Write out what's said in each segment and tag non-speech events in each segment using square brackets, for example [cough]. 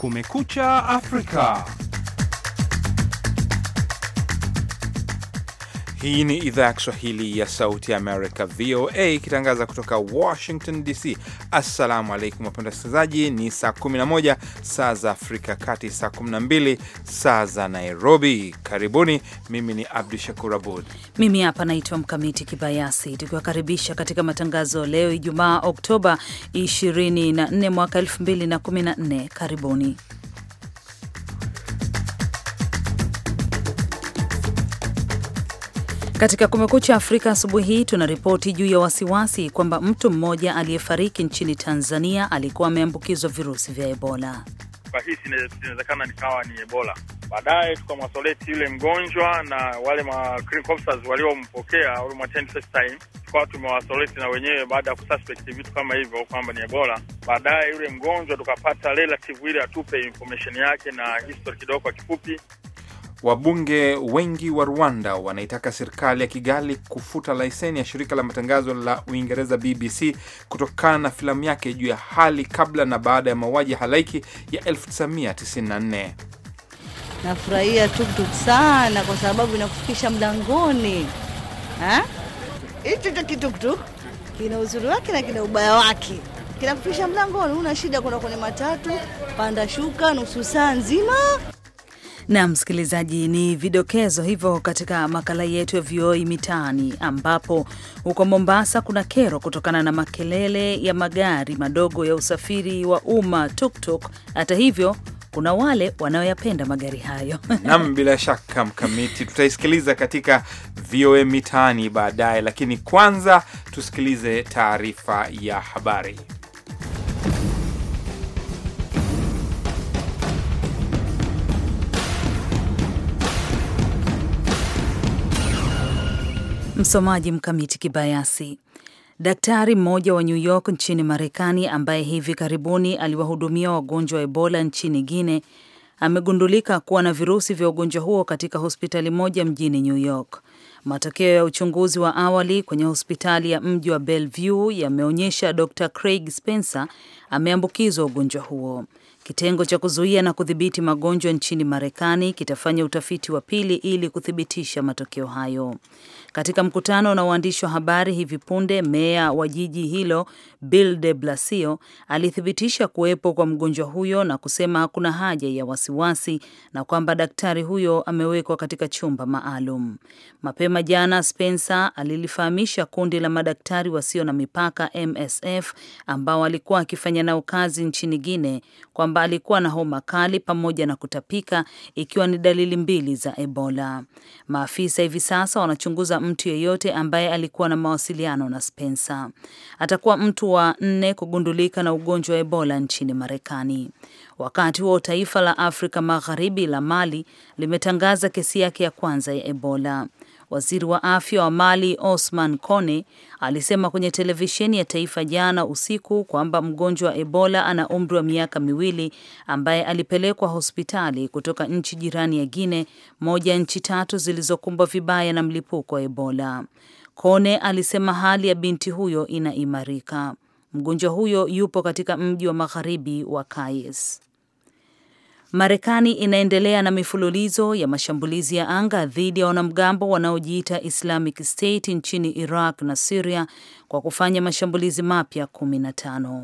Kumekucha Afrika. Hii ni idhaa ya Kiswahili ya Sauti ya Amerika, VOA, ikitangaza kutoka Washington DC. Assalamu alaikum wapenda wasikilizaji, ni saa 11 saa za Afrika Kati, saa 12 saa za Nairobi. Karibuni, mimi ni Abdu Shakur Abud, mimi hapa naitwa Mkamiti Kibayasi, tukiwakaribisha katika matangazo leo Ijumaa Oktoba 24 mwaka 2014. Karibuni. Katika Kumekucha Afrika asubuhi hii ripoti juu ya wasiwasi kwamba mtu mmoja aliyefariki nchini Tanzania alikuwa ameambukizwa virusi vya Ebola. Bahisi inawezekana nikawa ni Ebola. Baadaye tukamwasoleti yule mgonjwa na wale ma clinical officers waliompokea tukawa tumewasoleti na wenyewe baada ya kususpect vitu kama hivyo kwamba ni Ebola. Baadaye yule mgonjwa tukapata relative atupe information yake na history kidogo kwa kifupi. Wabunge wengi wa Rwanda wanaitaka serikali ya Kigali kufuta leseni ya shirika la matangazo la Uingereza BBC kutokana na filamu yake juu ya hali kabla na baada ya mauaji halaiki ya 1994. Nafurahia tuktuk sana kwa sababu inakufikisha mlangoni. Hichi kituktuk kina uzuri wake na kina ubaya wake, kinakufikisha mlangoni, una shida kwenda kwenye matatu, panda shuka, nusu saa nzima. Na msikilizaji, ni vidokezo hivyo katika makala yetu ya VOA Mitaani, ambapo huko Mombasa kuna kero kutokana na makelele ya magari madogo ya usafiri wa umma tuktuk. Hata hivyo kuna wale wanaoyapenda magari hayo. [laughs] Nam, bila shaka Mkamiti, tutaisikiliza katika VOA Mitaani baadaye, lakini kwanza tusikilize taarifa ya habari. Msomaji Mkamiti Kibayasi. Daktari mmoja wa New York nchini Marekani ambaye hivi karibuni aliwahudumia wagonjwa wa Ebola nchini guine amegundulika kuwa na virusi vya ugonjwa huo katika hospitali moja mjini New York. Matokeo ya uchunguzi wa awali kwenye hospitali ya mji wa Bellevue yameonyesha Dr. Craig Spencer ameambukizwa ugonjwa huo. Kitengo cha kuzuia na kudhibiti magonjwa nchini Marekani kitafanya utafiti wa pili ili kuthibitisha matokeo hayo. Katika mkutano na waandishi wa habari hivi punde, meya wa jiji hilo Bill de Blasio alithibitisha kuwepo kwa mgonjwa huyo na kusema kuna haja ya wasiwasi na kwamba daktari huyo amewekwa katika chumba maalum. Mapema jana, Spencer alilifahamisha kundi la madaktari wasio na mipaka MSF ambao alikuwa akifanya nao kazi nchini Guinea kwa kwamba alikuwa na homa kali pamoja na kutapika, ikiwa ni dalili mbili za Ebola. Maafisa hivi sasa wanachunguza mtu yeyote ambaye alikuwa na mawasiliano na Spencer. Atakuwa mtu wa nne kugundulika na ugonjwa wa Ebola nchini Marekani. Wakati huo taifa la Afrika Magharibi la Mali limetangaza kesi yake ya kwanza ya Ebola. Waziri wa afya wa Mali Osman Kone alisema kwenye televisheni ya taifa jana usiku kwamba mgonjwa wa Ebola ana umri wa miaka miwili ambaye alipelekwa hospitali kutoka nchi jirani ya Guine, moja ya nchi tatu zilizokumbwa vibaya na mlipuko wa Ebola. Kone alisema hali ya binti huyo inaimarika. Mgonjwa huyo yupo katika mji wa magharibi wa Kayes. Marekani inaendelea na mifululizo ya mashambulizi ya anga dhidi ya wanamgambo wanaojiita Islamic State nchini Iraq na Siria kwa kufanya mashambulizi mapya 15.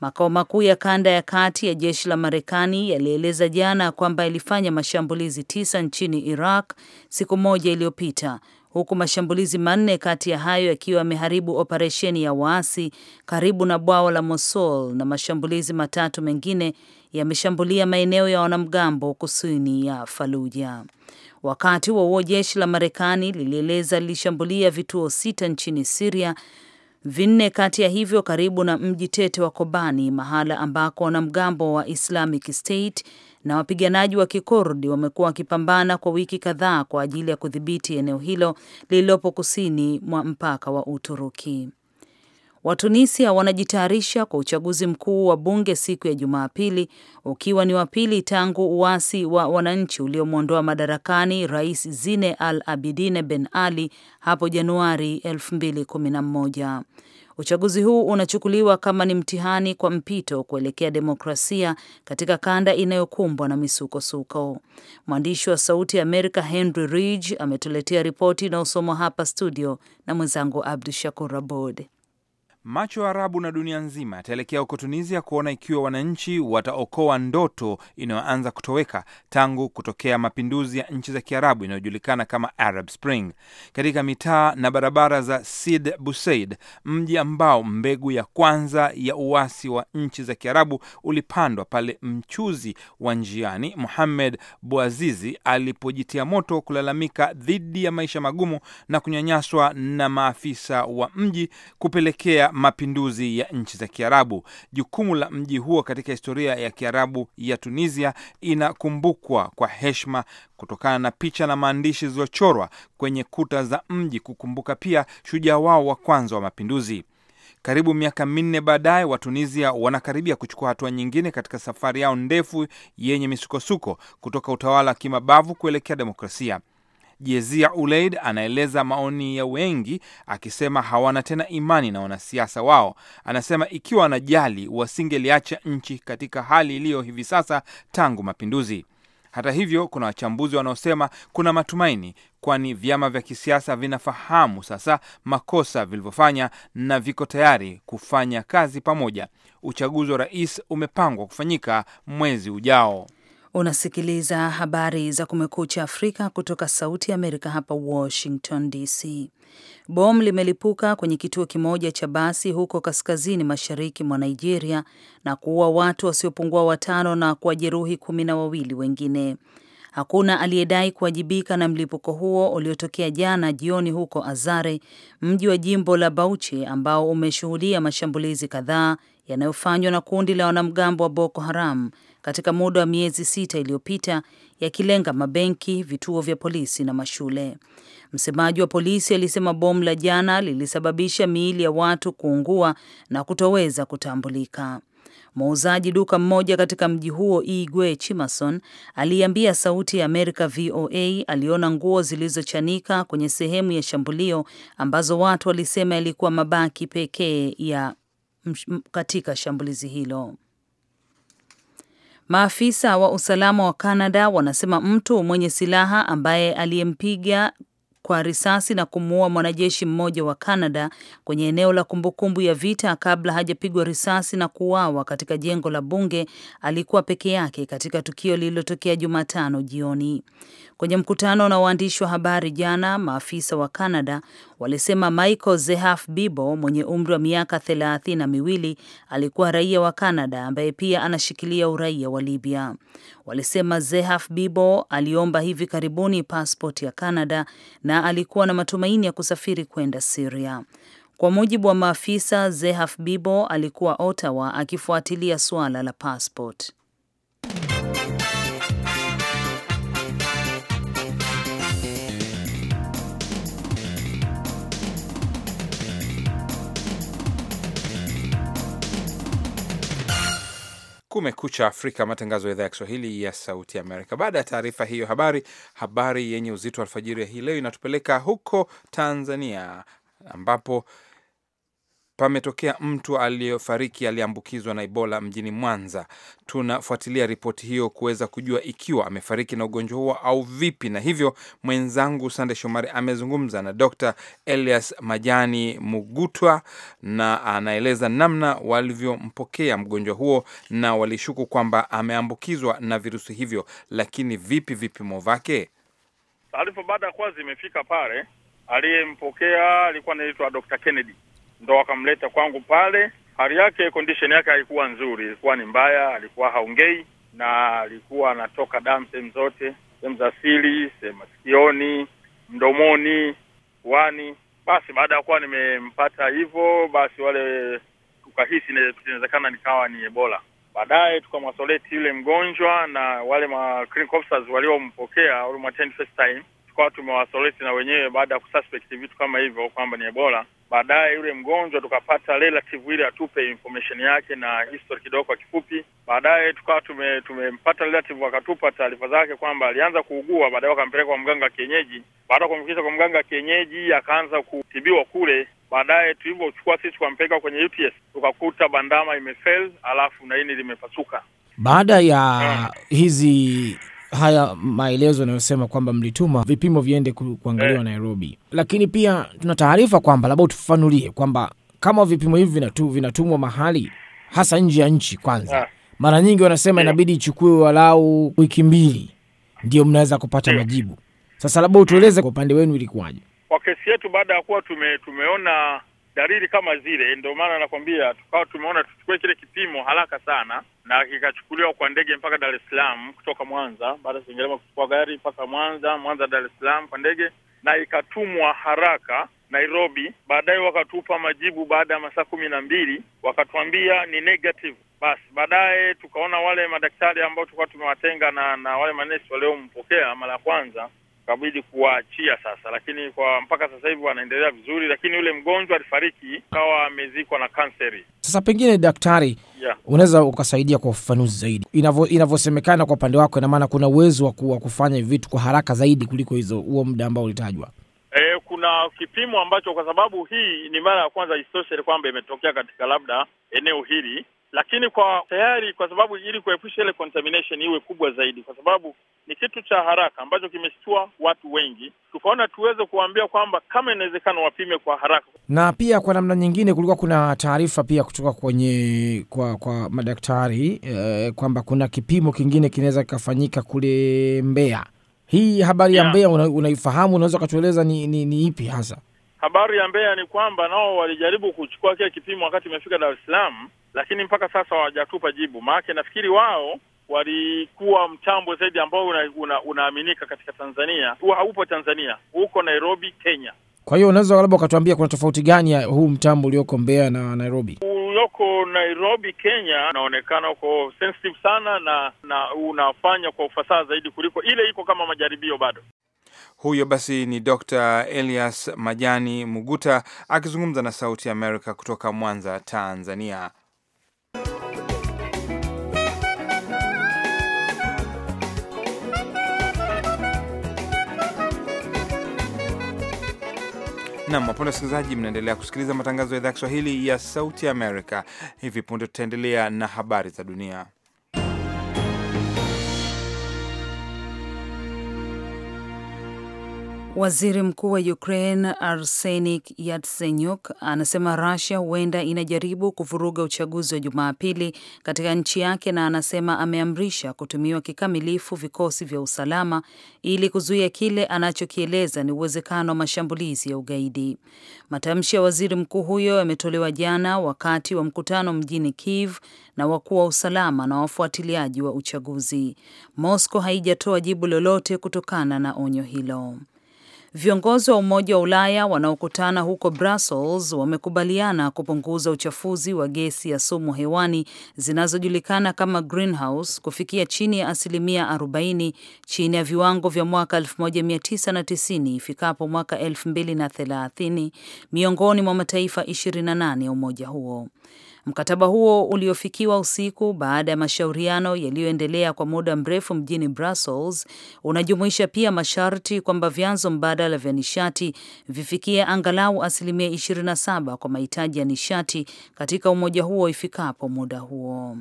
Makao makuu ya kanda ya kati ya jeshi la Marekani yalieleza jana kwamba ilifanya mashambulizi tisa nchini Iraq siku moja iliyopita, huku mashambulizi manne kati ya hayo yakiwa yameharibu operesheni ya waasi karibu na bwawa la Mosul na mashambulizi matatu mengine yameshambulia maeneo ya wanamgambo kusini ya Faluja. Wakati huo jeshi la Marekani lilieleza lilishambulia vituo sita nchini Siria, vinne kati ya hivyo karibu na mji tete wa Kobani, mahala ambako wanamgambo wa Islamic State na wapiganaji wa Kikurdi wamekuwa wakipambana kwa wiki kadhaa kwa ajili ya kudhibiti eneo hilo lililopo kusini mwa mpaka wa Uturuki. Watunisia wanajitayarisha kwa uchaguzi mkuu wa bunge siku ya Jumapili, ukiwa ni wa pili tangu uasi wa wananchi uliomwondoa madarakani Rais Zine Al Abidine Ben Ali hapo Januari 2011. Uchaguzi huu unachukuliwa kama ni mtihani kwa mpito kuelekea demokrasia katika kanda inayokumbwa na misukosuko. Mwandishi wa Sauti ya Amerika Henry Ridge ametuletea ripoti inayosomwa hapa studio na mwenzangu Abdu Shakur Abod. Macho ya Arabu na dunia nzima yataelekea huko Tunisia kuona ikiwa wananchi wataokoa ndoto inayoanza kutoweka tangu kutokea mapinduzi ya nchi za Kiarabu inayojulikana kama Arab Spring. Katika mitaa na barabara za Sid busaid mji ambao mbegu ya kwanza ya uasi wa nchi za Kiarabu ulipandwa pale mchuzi wa njiani muhammed Bouazizi alipojitia moto kulalamika dhidi ya maisha magumu na kunyanyaswa na maafisa wa mji kupelekea mapinduzi ya nchi za Kiarabu. Jukumu la mji huo katika historia ya Kiarabu ya Tunisia inakumbukwa kwa heshima kutokana na picha na maandishi zilizochorwa kwenye kuta za mji kukumbuka pia shujaa wao wa kwanza wa mapinduzi. Karibu miaka minne baadaye, Watunisia wanakaribia kuchukua hatua nyingine katika safari yao ndefu yenye misukosuko kutoka utawala wa kimabavu kuelekea demokrasia. Jezia Uleid anaeleza maoni ya wengi akisema hawana tena imani na wanasiasa wao. Anasema ikiwa wanajali wasingeliacha nchi katika hali iliyo hivi sasa tangu mapinduzi. Hata hivyo, kuna wachambuzi wanaosema kuna matumaini, kwani vyama vya kisiasa vinafahamu sasa makosa vilivyofanya na viko tayari kufanya kazi pamoja. Uchaguzi wa rais umepangwa kufanyika mwezi ujao. Unasikiliza habari za Kumekucha Afrika kutoka Sauti ya Amerika hapa Washington DC. Bomu limelipuka kwenye kituo kimoja cha basi huko kaskazini mashariki mwa Nigeria na kuua watu wasiopungua watano na kuwajeruhi kumi na wawili wengine. Hakuna aliyedai kuwajibika na mlipuko huo uliotokea jana jioni huko Azare, mji wa jimbo la Bauchi, ambao umeshuhudia mashambulizi kadhaa yanayofanywa na kundi la wanamgambo wa Boko Haram katika muda wa miezi sita iliyopita yakilenga mabenki, vituo vya polisi na mashule. Msemaji wa polisi alisema bomu la jana lilisababisha miili ya watu kuungua na kutoweza kutambulika. Muuzaji duka mmoja katika mji huo Igwe Chimason aliambia Sauti ya Amerika VOA aliona nguo zilizochanika kwenye sehemu ya shambulio ambazo watu walisema yalikuwa mabaki pekee ya katika shambulizi hilo. Maafisa wa usalama wa Kanada wanasema mtu mwenye silaha ambaye aliyempiga kwa risasi na kumuua mwanajeshi mmoja wa Kanada kwenye eneo la kumbukumbu ya vita kabla hajapigwa risasi na kuuawa katika jengo la bunge alikuwa peke yake katika tukio lililotokea Jumatano jioni. Kwenye mkutano na waandishi wa habari jana, maafisa wa Canada walisema Michael Zehaf Bibo mwenye umri wa miaka thelathini na miwili alikuwa raia wa Canada ambaye pia anashikilia uraia wa Libya. Walisema Zehaf Bibo aliomba hivi karibuni paspot ya Canada na alikuwa na matumaini ya kusafiri kwenda siria Kwa mujibu wa maafisa, Zehaf Bibo alikuwa Ottawa akifuatilia suala la paspot Kumekucha Afrika, matangazo ya idhaa ya Kiswahili ya Sauti Amerika. Baada ya taarifa hiyo habari, habari yenye uzito wa alfajiri ya hii leo inatupeleka huko Tanzania ambapo pametokea mtu aliyefariki aliyeambukizwa na Ebola mjini Mwanza. Tunafuatilia ripoti hiyo kuweza kujua ikiwa amefariki na ugonjwa huo au vipi, na hivyo mwenzangu Sande Shomari amezungumza na Dr. Elias Majani Mugutwa na anaeleza namna walivyompokea mgonjwa huo na walishuku kwamba ameambukizwa na virusi hivyo, lakini vipi vipimo vyake. Taarifa baada ya kuwa zimefika pale, aliyempokea alikuwa anaitwa Dr. Kennedy ndo wakamleta kwangu pale. Hali yake condition yake haikuwa nzuri, ilikuwa ni mbaya, alikuwa haongei na alikuwa anatoka damu sehemu zote, sehemu za sili, sehemu masikioni, mdomoni, puani. Basi baada ya kuwa nimempata hivyo, basi wale tukahisi inawezekana nikawa ni Ebola. Baadaye tukamwasoleti yule mgonjwa na wale ma officers waliompokea waliomwattend first time, tukawa tumewasoleti na wenyewe baada ya kususpect vitu kama hivyo kwamba ni Ebola. Baadaye yule mgonjwa tukapata relative ile atupe information yake na history kidogo kwa kifupi. Baadaye tukawa tume, tumempata relative akatupa taarifa zake kwamba alianza kuugua, baadaye wakampeleka kwa mganga wa kienyeji. Baada ya kumfikisha kwa mganga wa kienyeji akaanza kutibiwa kule. Baadaye tulivyochukua sisi tukampeleka kwenye UTS tukakuta bandama imefail, alafu na ini limepasuka. Baada ya eh. hizi haya maelezo yanayosema kwamba mlituma vipimo viende kuangaliwa eh, Nairobi, lakini pia tuna taarifa kwamba, labda utufafanulie kwamba kama vipimo hivi vinatu, vinatumwa mahali hasa nje ya nchi kwanza ah, mara nyingi wanasema yeah, inabidi ichukue walau wiki mbili ndio mnaweza kupata yeah, majibu. Sasa labda utueleze kwa upande wenu ilikuwaje? Kwa kesi yetu, baada ya kuwa tume, tumeona dalili kama zile, ndio maana nakwambia tukawa tumeona tuchukue kile kipimo haraka sana, na kikachukuliwa kwa ndege mpaka Dar es Salaam kutoka Mwanza, baada ya Sengerema kuchukua gari mpaka Mwanza, Mwanza Dar es Salaam kwa ndege, na ikatumwa haraka Nairobi. Baadaye wakatupa majibu baada ya masaa kumi na mbili, wakatuambia ni negative. Basi baadaye tukaona wale madaktari ambao tulikuwa tumewatenga na na wale manesi waliompokea mara ya kwanza kabidi kuwaachia sasa, lakini kwa mpaka sasa hivi wanaendelea vizuri, lakini yule mgonjwa alifariki kawa amezikwa na kanseri. Sasa pengine daktari, yeah, unaweza ukasaidia kwa ufafanuzi zaidi inavyosemekana kwa upande wako, ina maana kuna uwezo wa kufanya vitu kwa haraka zaidi kuliko hizo huo muda ambao ulitajwa. E, kuna kipimo ambacho, kwa sababu hii ni mara ya kwanza, isitoshe kwamba imetokea katika labda eneo hili lakini kwa tayari, kwa sababu ili kuepusha ile contamination iwe kubwa zaidi, kwa sababu ni kitu cha haraka ambacho kimeshtua watu wengi, tukaona tuweze kuwaambia kwamba kama inawezekana wapime kwa haraka. Na pia kwa namna nyingine, kulikuwa kuna taarifa pia kutoka kwenye kwa kwa madaktari eh, kwamba kuna kipimo kingine kinaweza kikafanyika kule Mbeya. Hii habari yeah, ya Mbeya una, unaifahamu? Unaweza ukatueleza ni, ni, ni ipi hasa habari ya Mbeya? Ni kwamba nao walijaribu kuchukua kile kipimo wakati imefika Dar es Salaam lakini mpaka sasa hawajatupa jibu. Maanake nafikiri wao walikuwa mtambo zaidi ambao una, unaaminika katika Tanzania, huwa haupo Tanzania, huko Nairobi, Kenya. Kwa hiyo unaweza labda ukatuambia kuna tofauti gani ya huu mtambo ulioko Mbeya na Nairobi? Ulioko Nairobi, Kenya, unaonekana uko sensitive sana na, na unafanya kwa ufasaha zaidi kuliko ile iko kama majaribio bado. Huyo basi ni Dr. Elias Majani Muguta akizungumza na Sauti ya Amerika kutoka Mwanza, Tanzania. Nam wapenda wasikilizaji, mnaendelea kusikiliza matangazo ya idhaa ya Kiswahili ya Sauti Amerika. Hivi punde tutaendelea na habari za dunia. Waziri mkuu wa Ukraine Arsenik Yatsenyuk anasema Rusia huenda inajaribu kuvuruga uchaguzi wa Jumapili katika nchi yake, na anasema ameamrisha kutumiwa kikamilifu vikosi vya usalama ili kuzuia kile anachokieleza ni uwezekano wa mashambulizi ya ugaidi. Matamshi ya waziri mkuu huyo yametolewa jana wakati wa mkutano mjini Kiev na wakuu wa usalama na wafuatiliaji wa uchaguzi. Moscow haijatoa jibu lolote kutokana na onyo hilo. Viongozi wa Umoja wa Ulaya wanaokutana huko Brussels wamekubaliana kupunguza uchafuzi wa gesi ya sumu hewani zinazojulikana kama greenhouse kufikia chini ya asilimia 40 chini ya viwango vya mwaka 1990 ifikapo mwaka 2030 miongoni mwa mataifa 28 ya umoja huo. Mkataba huo uliofikiwa usiku baada ya mashauriano yaliyoendelea kwa muda mrefu mjini Brussels unajumuisha pia masharti kwamba vyanzo mbadala vya nishati vifikie angalau asilimia 27 kwa mahitaji ya nishati katika umoja huo ifikapo muda huo.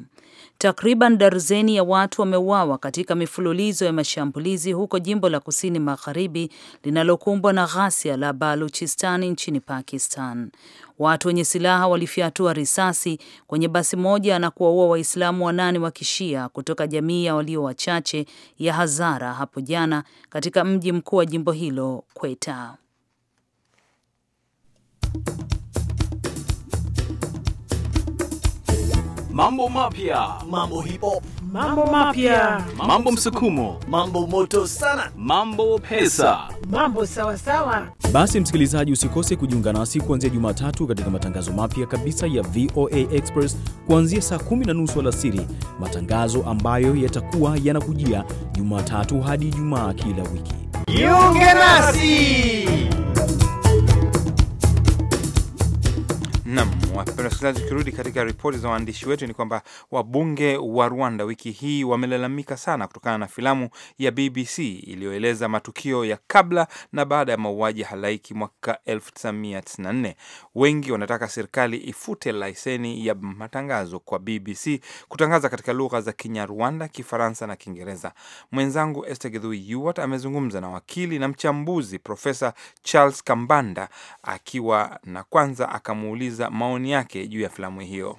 Takriban darzeni ya watu wameuawa katika mifululizo ya mashambulizi huko jimbo la kusini magharibi linalokumbwa na ghasia la Baluchistan nchini Pakistan. Watu wenye silaha walifyatua risasi kwenye basi moja na kuwaua Waislamu wanane wa kishia kutoka jamii ya walio wachache ya Hazara hapo jana katika mji mkuu wa jimbo hilo Quetta. mambo mapya, mambo hipo, mambo mapya, mambo msukumo, mambo moto sana, mambo pesa, mambo sawa sawa. Basi msikilizaji, usikose kujiunga nasi kuanzia Jumatatu katika matangazo mapya kabisa ya VOA Express kuanzia saa kumi na nusu alasiri, matangazo ambayo yatakuwa yanakujia Jumatatu hadi Ijumaa kila wiki. Jiunge nasi nam Wapenda wasikilizaji, tukirudi katika ripoti za waandishi wetu ni kwamba wabunge wa Rwanda wiki hii wamelalamika sana kutokana na filamu ya BBC iliyoeleza matukio ya kabla na baada ya mauaji halaiki mwaka 1994. Wengi wanataka serikali ifute leseni ya matangazo kwa BBC kutangaza katika lugha za Kinyarwanda, Kifaransa na Kiingereza. Mwenzangu Esther Githui amezungumza na wakili na mchambuzi Profesa Charles Kambanda akiwa na kwanza akamuuliza maoni maoni yake juu ya filamu hiyo.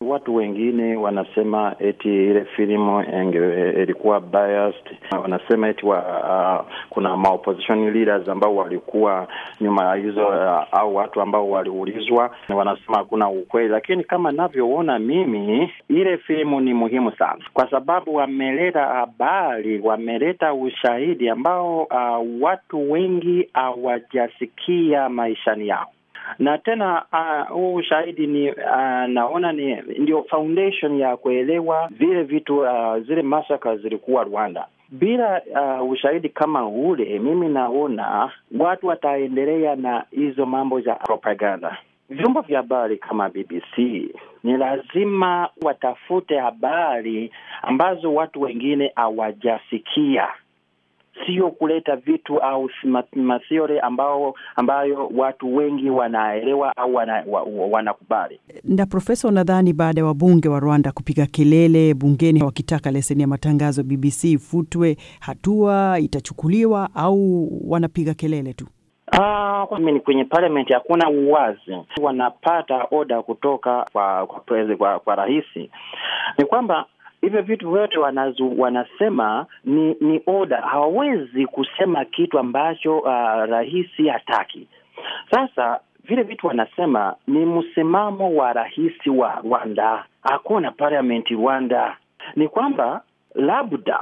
Watu wengine wanasema eti ile filimu ilikuwa biased. Wanasema eti wa, uh, kuna maopposition leaders ambao walikuwa nyuma ya hizo uh, au watu ambao waliulizwa, wanasema hakuna ukweli, lakini kama navyoona mimi, ile filimu ni muhimu sana, kwa sababu wameleta habari, wameleta ushahidi ambao uh, watu wengi hawajasikia maishani yao na tena ah, huu uh, ushahidi ni uh, naona ni ndio foundation ya kuelewa vile vitu uh, zile masaka zilikuwa Rwanda. Bila uh, ushahidi kama ule, mimi naona watu wataendelea na hizo mambo za propaganda. Vyombo vya habari kama BBC ni lazima watafute habari ambazo watu wengine hawajasikia sio kuleta vitu au mathiore ambao ambayo watu wengi wanaelewa au wanakubali. Na Profesa, unadhani baada ya wabunge wa Rwanda kupiga kelele bungeni wakitaka leseni ya matangazo BBC ifutwe, hatua itachukuliwa au wanapiga kelele tu? Ah, ni kwenye parliament hakuna uwazi, wanapata oda kutoka kwa kwa, kwa, kwa rais ni kwamba hivyo vitu vyote wanazu, wanasema ni ni oda, hawawezi kusema kitu ambacho uh, rahisi hataki. Sasa vile vitu wanasema ni msimamo wa rahisi wa Rwanda, hakuna parliament Rwanda, ni kwamba labda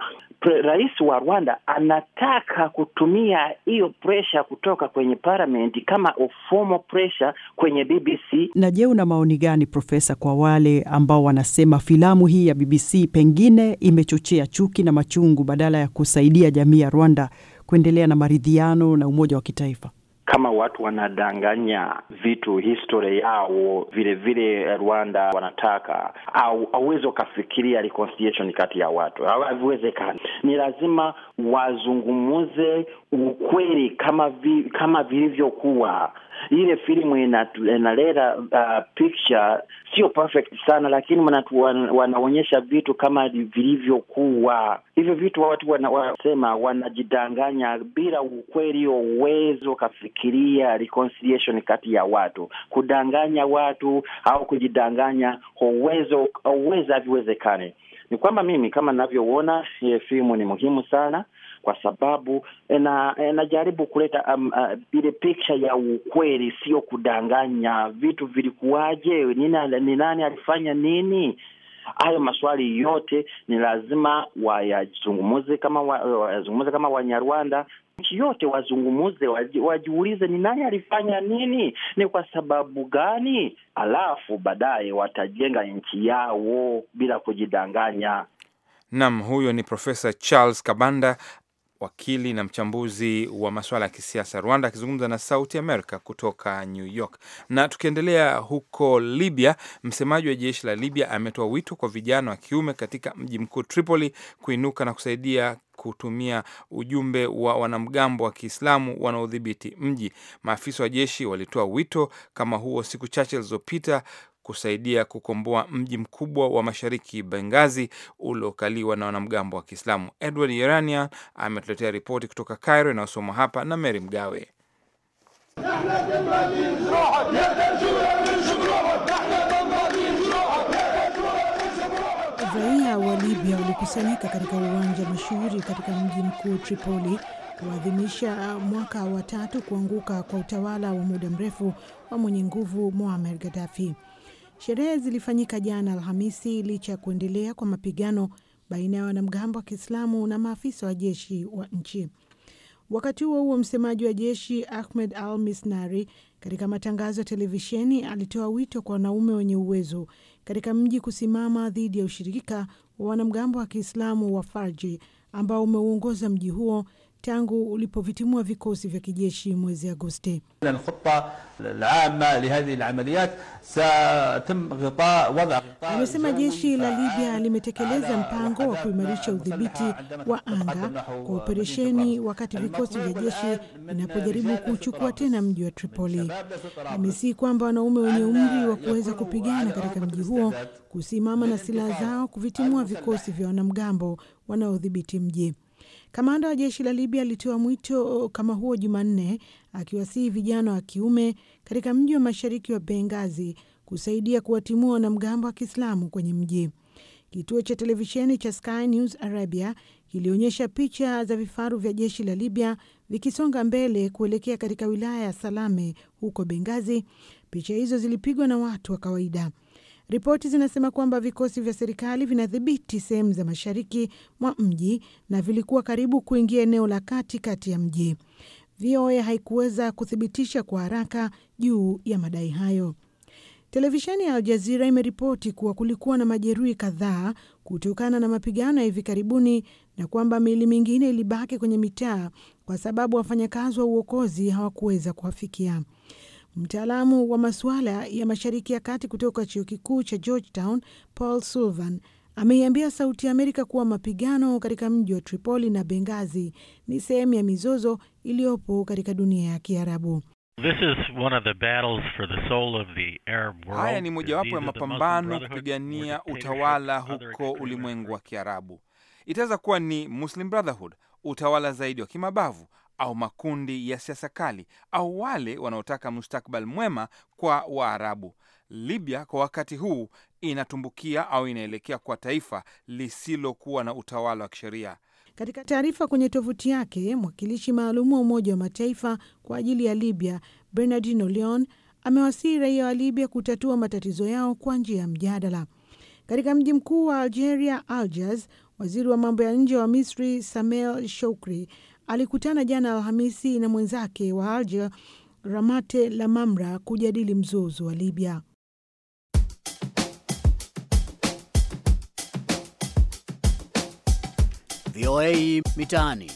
rais wa Rwanda anataka kutumia hiyo presha kutoka kwenye parliament kama formal presha kwenye BBC. Na je, una maoni gani Profesa, kwa wale ambao wanasema filamu hii ya BBC pengine imechochea chuki na machungu badala ya kusaidia jamii ya Rwanda kuendelea na maridhiano na umoja wa kitaifa? kama watu wanadanganya vitu historia yao vile vile Rwanda wanataka au awezi wakafikiria reconciliation kati ya watu, haviwezekani. Ni lazima wazungumuze ukweli kama vi, kama vilivyokuwa ile filamu inaleta uh, picture sio perfect sana, lakini manatu, wan, wanaonyesha vitu kama vilivyokuwa. Hivyo vitu watu wanasema wanajidanganya bila ukweli, uwezo kafikiria reconciliation kati ya watu, kudanganya watu au kujidanganya, uwezo uweza haviwezekani ni kwamba mimi kama ninavyoona hiyo eh, filamu ni muhimu sana kwa sababu inajaribu eh, eh, kuleta um, uh, ile picha ya ukweli, sio kudanganya. Vitu vilikuwaje? ni nani alifanya nini? Hayo maswali yote ni lazima wayazungumuze kama wayazungumuze kama Wanyarwanda nchi yote wazungumuze, wajiulize ni nani alifanya nini, ni kwa sababu gani, alafu baadaye watajenga nchi yao bila kujidanganya. Nam, huyo ni Profesa Charles Kabanda wakili na mchambuzi wa masuala ya kisiasa Rwanda, akizungumza na Sauti Amerika kutoka New York. Na tukiendelea huko Libya, msemaji wa jeshi la Libya ametoa wito kwa vijana wa kiume katika mji mkuu Tripoli kuinuka na kusaidia kutumia ujumbe wa wanamgambo wa Kiislamu wanaodhibiti mji. Maafisa wa jeshi walitoa wito kama huo siku chache zilizopita kusaidia kukomboa mji mkubwa wa mashariki Bengazi uliokaliwa na wanamgambo wa Kiislamu. Edward Yerania ametuletea ripoti kutoka Cairo inayosoma hapa na Meri Mgawe. Raia wa Libya walikusanyika katika uwanja mashuhuri katika mji mkuu Tripoli kuadhimisha mwaka wa tatu kuanguka kwa utawala wa muda mrefu wa mwenye nguvu Muammar Gaddafi. Sherehe zilifanyika jana Alhamisi licha ya kuendelea kwa mapigano baina ya wanamgambo wa Kiislamu na maafisa wa jeshi wa nchi. Wakati huo huo, msemaji wa jeshi Ahmed Al Misnari katika matangazo ya televisheni alitoa wito kwa wanaume wenye uwezo katika mji kusimama dhidi ya ushirika wa wanamgambo wa Kiislamu wa Farji ambao umeuongoza mji huo tangu ulipovitimua vikosi vya kijeshi mwezi Agosti. Amesema jeshi la Libya limetekeleza mpango wa kuimarisha udhibiti wa anga kwa operesheni, wakati vikosi vya jeshi vinapojaribu kuchukua tena mji wa Tripoli. Amesii kwamba wanaume wenye umri wa kuweza kupigana katika mji huo kusimama na silaha zao kuvitimua vikosi vya wanamgambo wanaodhibiti mji. Kamanda wa jeshi la Libya alitoa mwito kama huo Jumanne, akiwasihi vijana wa kiume katika mji wa mashariki wa Bengazi kusaidia kuwatimua wanamgambo wa Kiislamu kwenye mji. Kituo cha televisheni cha Sky News Arabia kilionyesha picha za vifaru vya jeshi la Libya vikisonga mbele kuelekea katika wilaya ya Salame huko Bengazi. Picha hizo zilipigwa na watu wa kawaida. Ripoti zinasema kwamba vikosi vya serikali vinadhibiti sehemu za mashariki mwa mji na vilikuwa karibu kuingia eneo la kati kati ya mji. VOA haikuweza kuthibitisha kwa haraka juu ya madai hayo. Televisheni ya Aljazira imeripoti kuwa kulikuwa na majeruhi kadhaa kutokana na mapigano ya hivi karibuni na kwamba miili mingine ilibaki kwenye mitaa kwa sababu wafanyakazi wa uokozi hawakuweza kuwafikia. Mtaalamu wa masuala ya Mashariki ya Kati kutoka chuo kikuu cha Georgetown, Paul Sullivan ameiambia Sauti ya Amerika kuwa mapigano katika mji wa Tripoli na Bengazi ni sehemu ya mizozo iliyopo katika dunia ya Kiarabu. Haya ni mojawapo ya mapambano kupigania utawala huko ulimwengu wa Kiarabu. Itaweza kuwa ni Muslim Brotherhood, utawala zaidi wa kimabavu au makundi ya siasa kali au wale wanaotaka mustakbal mwema kwa Waarabu. Libya kwa wakati huu inatumbukia au inaelekea kwa taifa lisilokuwa na utawala wa kisheria. Katika taarifa kwenye tovuti yake, mwakilishi maalum wa Umoja wa Mataifa kwa ajili ya Libya Bernardino Leon amewasihi raia wa Libya kutatua matatizo yao kwa njia ya mjadala. Katika mji mkuu wa Algeria, Algiers, waziri wa mambo ya nje wa Misri Samel Shoukry alikutana jana Alhamisi na mwenzake wa Alger Ramate Lamamra kujadili mzozo wa Libya. VOA Mitaani.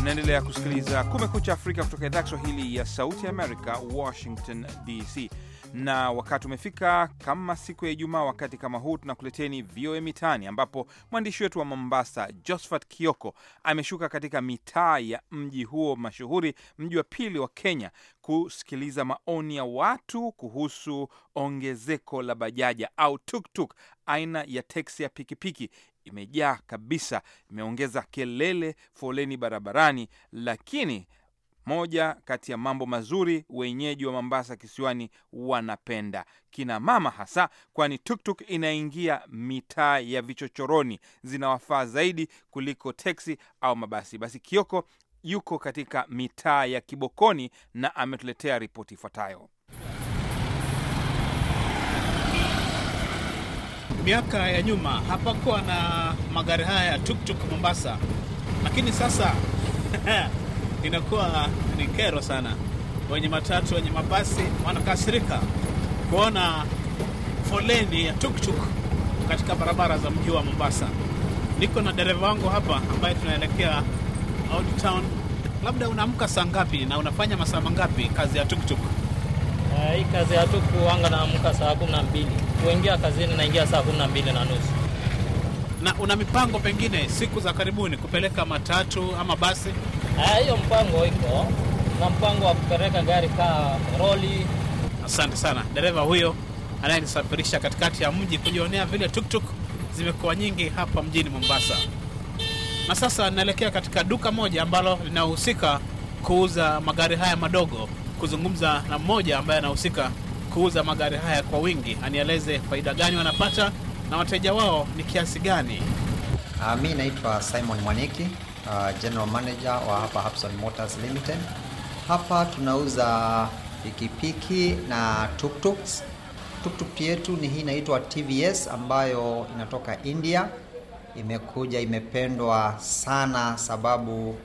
unaendelea kusikiliza Kumekucha Afrika kutoka idhaa Kiswahili ya Sauti ya Amerika, Washington DC na wakati umefika kama siku ya Ijumaa, wakati kama huu tunakuleteni VOA Mitaani, ambapo mwandishi wetu wa Mombasa Josphat Kioko ameshuka katika mitaa ya mji huo mashuhuri, mji wa pili wa Kenya, kusikiliza maoni ya watu kuhusu ongezeko la bajaja au tuktuk, aina ya teksi ya pikipiki imejaa kabisa, imeongeza kelele, foleni barabarani, lakini moja kati ya mambo mazuri wenyeji wa Mombasa kisiwani wanapenda kina mama hasa, kwani tuktuk inaingia mitaa ya vichochoroni, zinawafaa zaidi kuliko teksi au mabasi. Basi Kioko yuko katika mitaa ya Kibokoni na ametuletea ripoti ifuatayo. Miaka ya nyuma hapakuwa na magari haya ya tuktuk Mombasa, lakini sasa [laughs] inakuwa ni kero sana. Wenye matatu, wenye mabasi wanakasirika kuona foleni ya tuktuk katika barabara za mji wa Mombasa. Niko na dereva wangu hapa ambaye tunaelekea Old Town. Labda unaamka saa ngapi na unafanya masaa mangapi kazi ya tuktuk? Uh, hii kazi ya tuktuk wanga naamka saa kumi na mbili kuingia kazini, naingia saa kumi na mbili na nusu. Na una mipango pengine siku za karibuni kupeleka matatu ama basi? Ah, hiyo mpango iko na mpango wa kupeleka gari kaa roli. Asante sana dereva huyo anayenisafirisha katikati ya mji kujionea vile tuktuk zimekuwa nyingi hapa mjini Mombasa. Na sasa naelekea katika duka moja ambalo linahusika kuuza magari haya madogo, kuzungumza na mmoja ambaye anahusika kuuza magari haya kwa wingi, anieleze faida gani wanapata na wateja wao ni kiasi gani. Uh, mi naitwa Simon Mwaniki uh, general manager wa hapa Hapson Motors Limited. Hapa tunauza pikipiki na tuktuks. Tuktuk yetu ni hii inaitwa TVS ambayo inatoka India, imekuja imependwa sana sababu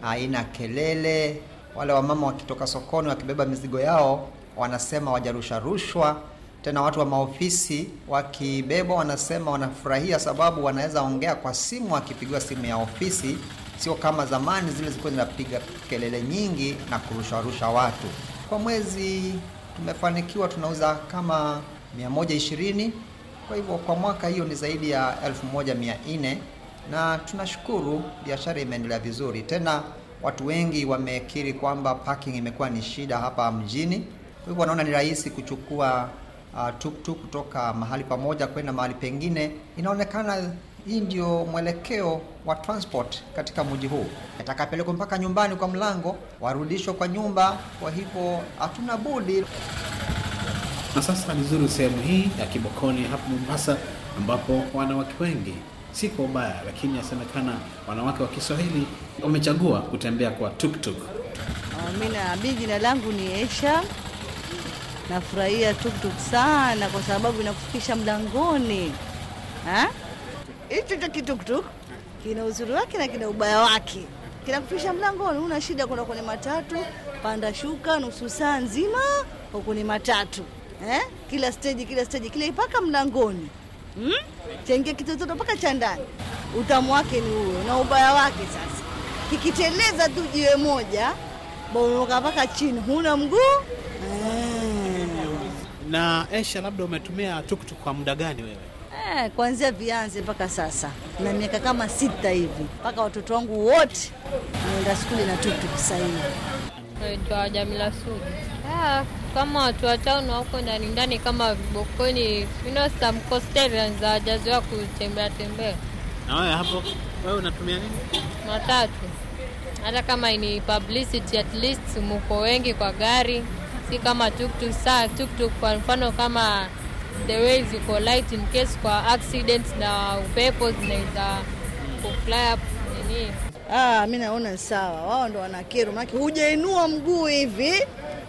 haina kelele. Wale wamama wakitoka sokoni wakibeba mizigo yao wanasema wajarusharushwa tena watu wa maofisi wakibebwa wanasema wanafurahia sababu wanaweza ongea kwa simu, akipigwa simu ya ofisi sio kama zamani zile zilikuwa zinapiga kelele nyingi na kurusharusha watu. Kwa mwezi tumefanikiwa tunauza kama 120 kwa hivyo kwa mwaka hiyo ni zaidi ya 1400 na tunashukuru biashara imeendelea vizuri. Tena watu wengi wamekiri kwamba parking imekuwa ni shida hapa mjini, kwa hivyo wanaona ni rahisi kuchukua ah, tuktuk uh, kutoka mahali pamoja kwenda mahali pengine. Inaonekana hii ndio mwelekeo wa transport katika mji huu. Atakapelekwa mpaka nyumbani kwa mlango, warudishwa kwa nyumba. Kwa hivyo hatuna budi. Na sasa nizuru sehemu hii ya Kibokoni hapa Mombasa, ambapo wanawake wengi si kwa ubaya, lakini yasemekana wanawake wa Kiswahili wamechagua kutembea kwa tuktuk. Ah, mi jina langu ni Esha. Nafurahia tuktuk sana kwa sababu inakufikisha mlangoni ha? Ah? hicho cha kituktuk kina uzuri wake na kina ubaya wake. Kinakupisha mlangoni, una shida kwenda kwenye matatu, panda shuka, nusu saa nzima kwa kwenye matatu eh? Kila steji kila steji kile ipaka mlangoni hmm? Chaingia kitototo mpaka cha ndani. Utamu wake ni huo na ubaya wake sasa, kikiteleza tu jiwe moja bomoka mpaka chini, huna mguu eh. Na Esha, labda umetumia tuktuk kwa muda gani wewe? Eh, kuanzia vianze mpaka sasa na miaka kama sita hivi mpaka watoto wangu wote wanaenda skuli na tuktuk saini. Naitwa Jamila Sudi. Ah, kama watu wa town wako ndani ndani kama vibokoni, you know some coastarians hawajazoea kutembea tembea. Na wewe hapo, wewe unatumia nini? Matatu. Hata kama ni publicity, at least muko wengi kwa gari, si kama tuktuk. Saa tuktuk kwa mfano kama the way ziko light in case kwa accident na upepo zinaweza kufly up nini. Ah, mi naona sawa, wao ndo wanakeru, manake hujainua mguu hivi,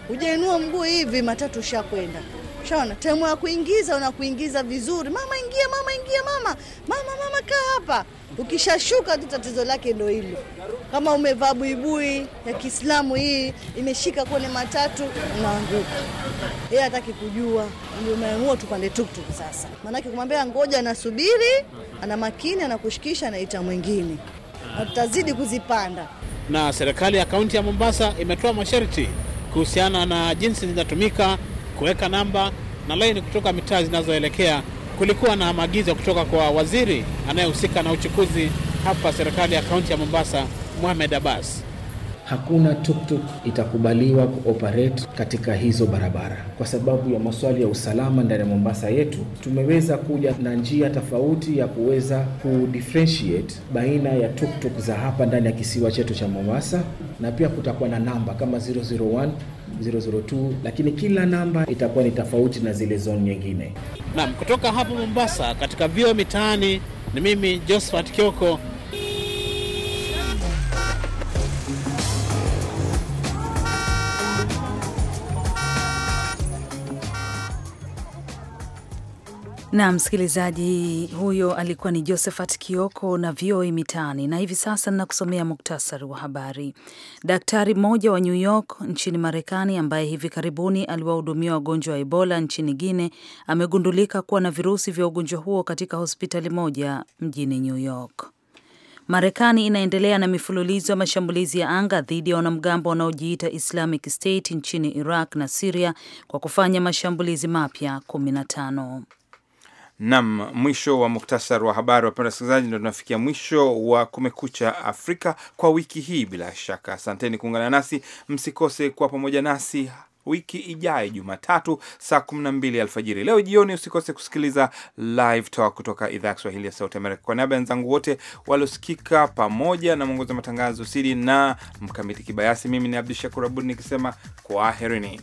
hujainua mguu hivi, matatu shakwenda Shaona, temu ya kuingiza unakuingiza vizuri. Mama ingia, mama ingia, mama mama, mama kaa hapa Ukishashuka tu tatizo lake ndo hilo. Kama umevaa buibui ya Kiislamu hii imeshika kone matatu, unaanguka. Yeye hataki kujua, ndio umeamua tupande tuktuk sasa. Maanake kumwambia ngoja, anasubiri, ana makini, anakushikisha, anaita mwingine, na tutazidi kuzipanda. Na serikali ya kaunti ya Mombasa imetoa masharti kuhusiana na jinsi zinatumika kuweka namba na laini kutoka mitaa zinazoelekea kulikuwa na maagizo kutoka kwa waziri anayehusika na uchukuzi hapa serikali ya kaunti ya Mombasa, Mohamed Abbas. Hakuna tuktuk -tuk itakubaliwa kuoperate katika hizo barabara kwa sababu ya maswali ya usalama ndani ya Mombasa yetu. Tumeweza kuja na njia tofauti ya kuweza kudifferentiate baina ya tuktuk -tuk za hapa ndani ya kisiwa chetu cha Mombasa, na pia kutakuwa na namba kama 001 002, lakini kila namba itakuwa ni tofauti na zile zone nyingine. Naam, kutoka hapa Mombasa katika vio mitaani ni mimi Josephat Kioko. na msikilizaji huyo alikuwa ni Josephat Kioko na Vioi Mitaani. Na hivi sasa ninakusomea muktasari wa habari. Daktari mmoja wa New York nchini Marekani, ambaye hivi karibuni aliwahudumia wagonjwa wa Ebola nchini Guine, amegundulika kuwa na virusi vya ugonjwa huo katika hospitali moja mjini New York. Marekani inaendelea na mifululizo ya mashambulizi ya anga dhidi ya wanamgambo wanaojiita Islamic State nchini Iraq na Siria kwa kufanya mashambulizi mapya tano. Nam, mwisho wa muktasar wa habari. Wapenda wasikilizaji, ndo tunafikia mwisho wa Kumekucha Afrika kwa wiki hii. Bila shaka, asanteni kuungana nasi, msikose kuwa pamoja nasi wiki ijayo Jumatatu saa mbili alfajiri. Leo jioni usikose kusikiliza Live Talk kutoka idhaa ya Kiswahili ya Sauti Amerika. Kwa niaba ya wenzangu wote waliosikika pamoja na mwongozi wa matangazo Sidi na Mkamiti Kibayasi, mimi ni Abdu Shakur Abud nikisema kwaherini.